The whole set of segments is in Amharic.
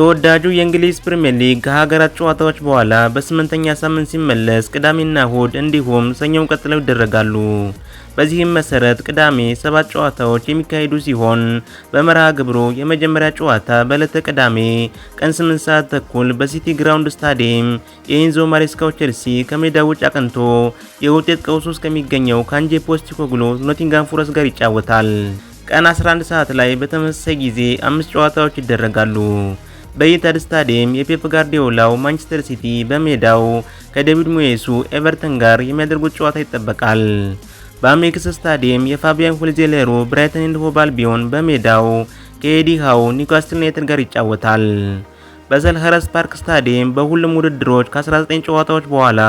ተወዳጁ የእንግሊዝ ፕሪምየር ሊግ ከሀገራት ጨዋታዎች በኋላ በስምንተኛ ሳምንት ሲመለስ ቅዳሜና እሁድ እንዲሁም ሰኞም ቀጥለው ይደረጋሉ። በዚህም መሰረት ቅዳሜ ሰባት ጨዋታዎች የሚካሄዱ ሲሆን በመርሃ ግብሩ የመጀመሪያ ጨዋታ በዕለተ ቅዳሜ ቀን 8 ሰዓት ተኩል በሲቲ ግራውንድ ስታዲየም የኢንዞ ማሬስካው ቼልሲ ከሜዳ ውጭ አቅንቶ የውጤት ቀውስ ውስጥ ከሚገኘው ካንጄ ፖስቴኮግሉ ኖቲንጋም ፎረስት ጋር ይጫወታል። ቀን 11 ሰዓት ላይ በተመሳሳይ ጊዜ አምስት ጨዋታዎች ይደረጋሉ። በኢተር ስታዲየም የፔፕ ጋርዲዮላው ማንቸስተር ሲቲ በሜዳው ከዴቪድ ሙየሱ ኤቨርተን ጋር የሚያደርጉት ጨዋታ ይጠበቃል። በአሜክስ ስታዲየም የፋቢያን ሁልዜሌሮ ብራይተን ኤንድ ሆቭ አልቢዮን በሜዳው ከኤዲ ሃው ኒውካስትል ዩናይትድ ጋር ይጫወታል። በሰልኸርስት ፓርክ ስታዲየም በሁሉም ውድድሮች ከ19 ጨዋታዎች በኋላ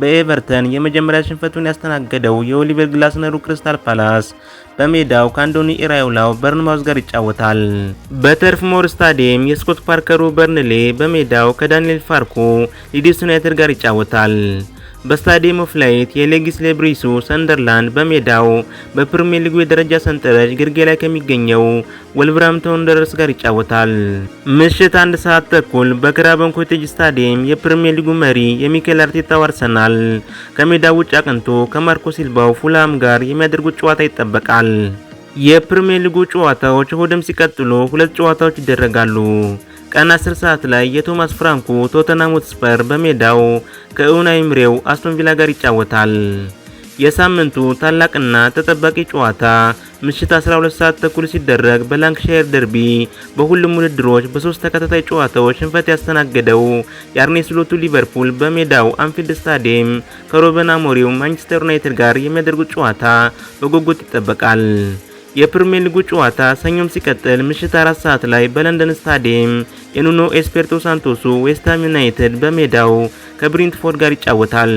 በኤቨርተን የመጀመሪያ ሽንፈቱን ያስተናገደው የኦሊቨር ግላስነሩ ክሪስታል ፓላስ በሜዳው ከአንዶኒ ኢራዮላው በርንማውዝ ጋር ይጫወታል። በተርፍ ሞር ስታዲየም የስኮት ፓርከሩ በርንሌ በሜዳው ከዳንኤል ፋርኮ ሊድስ ዩናይትድ ጋር ይጫወታል። በስታዲየም ኦፍ ላይት የሌጊስሌ ብሪሱ ሰንደርላንድ በሜዳው በፕሪሚየር ሊጉ የደረጃ ሰንጠረዥ ግርጌ ላይ ከሚገኘው ወልቨርሃምፕተን ደረስ ጋር ይጫወታል። ምሽት አንድ ሰዓት ተኩል በክራቨን ኮቴጅ ስታዲየም የፕሪሚየር ሊጉ መሪ የሚኬል አርቴታው አርሰናል ከሜዳው ውጭ አቅንቶ ከማርኮ ሲልባው ፉላም ጋር የሚያደርጉት ጨዋታ ይጠበቃል። የፕሪሚየር ሊጉ ጨዋታዎች እሁድም ሲቀጥሉ ሁለት ጨዋታዎች ይደረጋሉ። ቀን 10 ሰዓት ላይ የቶማስ ፍራንኩ ቶተናም ሆትስፐር በሜዳው ከኡናይ ኤምሪው አስቶን ቪላ ጋር ይጫወታል። የሳምንቱ ታላቅና ተጠባቂ ጨዋታ ምሽት 12 ሰዓት ተኩል ሲደረግ በላንክሻየር ደርቢ በሁሉም ውድድሮች በሶስት ተከታታይ ጨዋታዎች ሽንፈት ያስተናገደው የአርኔ ስሎቱ ሊቨርፑል በሜዳው አንፊልድ ስታዲየም ከሩበን አሞሪም ማንቸስተር ዩናይትድ ጋር የሚያደርጉት ጨዋታ በጉጉት ይጠበቃል። የፕሪሚየር ሊጉ ጨዋታ ሰኞም ሲቀጥል ምሽት አራት ሰዓት ላይ በለንደን ስታዲየም የኑኖ ኤስፔርቶ ሳንቶሱ ዌስትሃም ዩናይትድ በሜዳው ከብሪንትፎርድ ጋር ይጫወታል።